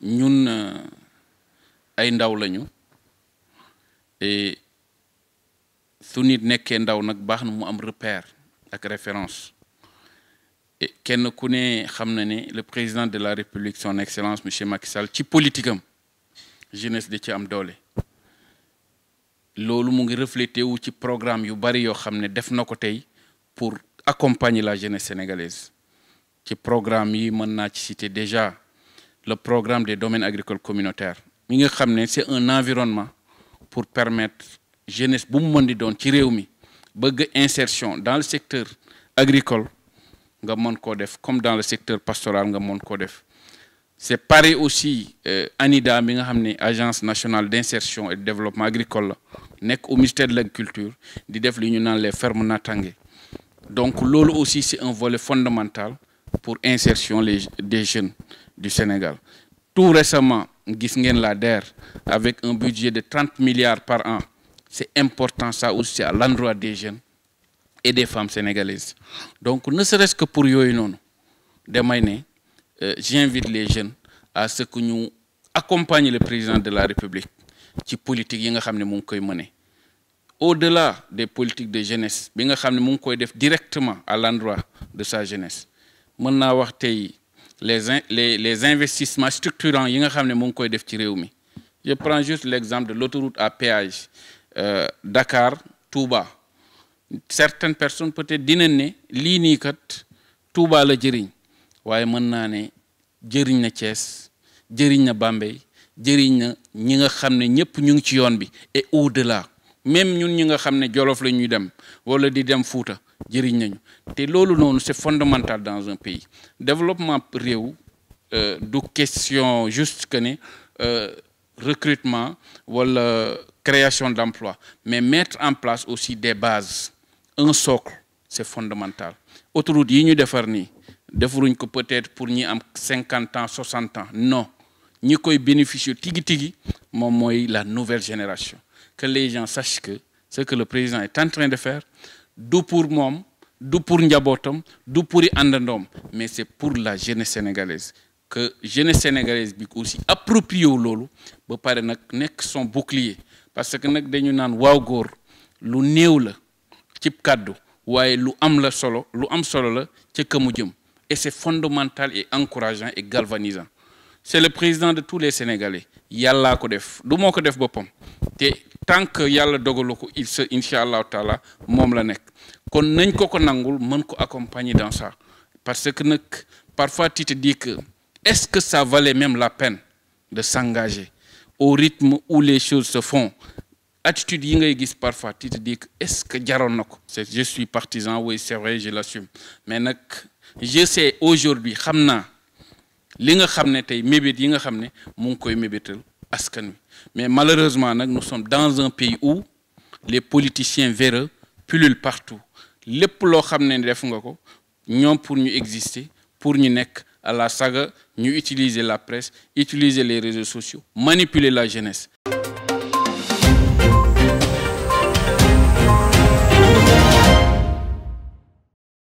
ñun euh, ay ndaw lañu et su nit nekkee ndaw nag baax na mu am repère ak référence et kenn ku ne xam na ne le président de la république son excellence monsieur Macky Sall ci politique am jeunesse da ci am doole loolu mu ngi reflété wu ci programme yu bari yoo xam ne def na ko tey pour accompagner la jeunesse sénégalaise ci programme yi mën naa ci citer déjà le programme des domaines agricoles communautaires c'est un environnement pour permettre jeunesse bu mën di insertion dans le secteur agricole comme dans le secteur pastoral c'est pareil aussi euh, ANIDA l'Agence agence nationale d'insertion et de développement agricole au ministère de l'agriculture di les fermes donc l'eau aussi c'est un volet fondamental pour insertion des jeunes du Sénégal. Tout récemment, Gisngen Lader, avec un budget de 30 milliards par an, c'est important ça aussi à l'endroit des jeunes et des femmes sénégalaises. Donc, ne serait-ce que pour eux, demain, j'invite les jeunes à ce que nous accompagnions le président de la République qui politique yi nga au-delà des politiques de jeunesse bi nga directement à l'endroit de sa jeunesse mën naa wax tey les les les investissements structurants yi nga xam ne mu ngi koy def ci réew je prends juste l'exemple de l'autoroute à péage euh, Dakar Touba certaines personnes peut-être dinañ ne lii kat Touba la jëriñ waaye mën naa ne jëriñ na Thiès jëriñ na Bambey jëriñ na ñi nga xam ne ñëpp ñu ngi ci yoon bi et au-delà même ñun ñi nga xam ne Jolof la ñuy dem wala di dem c'est fondamental dans un pays développement euh, une question juste que recrutement euh, recrutement wala création d'emploi mais mettre en place aussi des bases un socle c'est fondamental Autour yi nous devons nii peut-être pour nous am 50 ans 60 ans non nous devons bénéficier de la nouvelle génération que les gens sachent que ce que le président est en train de faire du pour mom, du pour Ndiabotom, du pour les mais c'est pour la jeunesse sénégalaise que jeunesse sénégalaise bi aussi approprié lolu que ba paré un nek son bouclier parce que nak dañu naan waw gor lu new la ci cadeau waye lu am la solo lu am solo la ci et c'est fondamental et encourageant et galvanisant c'est le président de tous les sénégalais Yalla Kodef. def du moko def bopam. tant que Yalla dogoloko il se inshallah taala mom la nek. kon nagn ko ko ko accompagner dans ça parce que parfois tu te dis que est-ce que ça valait même la peine de s'engager au rythme où les choses se font attitude yi parfois tu te dis que est-ce que c'est je suis partisan oui c'est vrai je l'assume mais je sais aujourd'hui xamna li nga xamné tay mébét yi nga xamné mu koy mébétal askan wi mais malheureusement nous sommes dans un pays où les politiciens véreux pullulent partout Les loo xam ne def nga ko pour nous exister pour nous nekk à la saga ñu utiliser la presse utiliser les réseaux sociaux manipuler la jeunesse